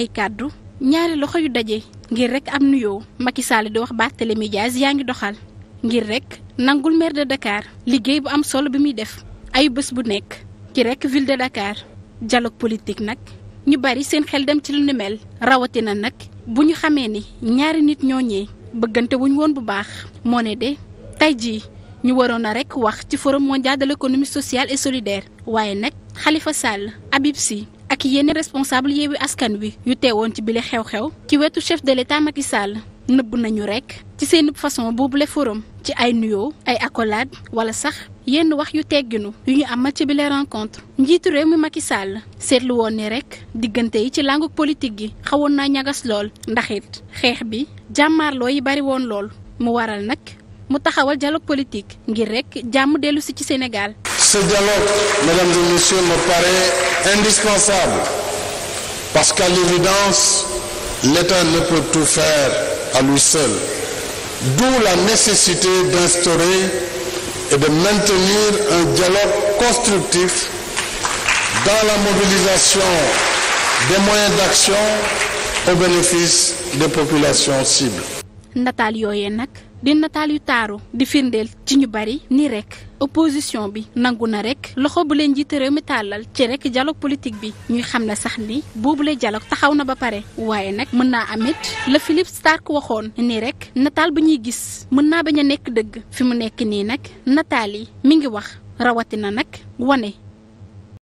ay kàddu ñaari loxo yu daje ngir rek am nuyoo Macky Sall di wax Barthélémy Dias yaa ngi doxal ngir rek nangul maire de Dakar liggéey bu am solo bi muy def ay bés bu nekk ki rekk ville de Dakar dialogue politique nag ñu bari seen xel dem ci lu ni mel rawatina nag bu ñu xamee ni ñaari nit ñooñee bëggante wuñ woon bu baax moo ne de tey jii ñu waroon a rek wax ci forum mondial de l' économie sociale et solidaire waaye nag xalifa Sall Habib Sy ki yenn responsable Yewwi Askan Wi yu teewoon ci bile xew-xew ci wetu chef de l'État Macky Sall nëbb nañu rek ci seen façon boobule forum ci ay nuyoo ay accolade wala sax yenn wax yu tegginu yu ñu amal ci bile rencontre njiitu réew mi Macky Sall seetlu woon ni rek diggante yi ci langue politique yi xawoon naa ñagas lool ndax it xeex bi jàmmaarloo yi bari woon lool mu waral nag mu taxawal dialogue politique ngir rek jàmm dellu si ci Sénégal. Ce dialogue, mesdames et messieurs, me paraît indispensable parce qu'à l'évidence, l'État ne peut tout faire à lui seul. D'où la nécessité d'instaurer et de maintenir un dialogue constructif dans la mobilisation des moyens d'action au bénéfice des populations cibles. nataal yooye nag di nataal yu taaru di firndeel ci ñu bari ni rek opposition bi nangu na rek loxo bu leen jiite mi tàllal ci rekk dialogue politique bi ñuy xam na sax ni boobule dialogue taxaw na ba pare waaye nag mën naa amit la Philippe Stark waxoon ni rek nataal bi ñuy gis mën naa bañ a nekk dëgg fi mu nekk nii nag nataal yi mi ngi wax rawatina nag wane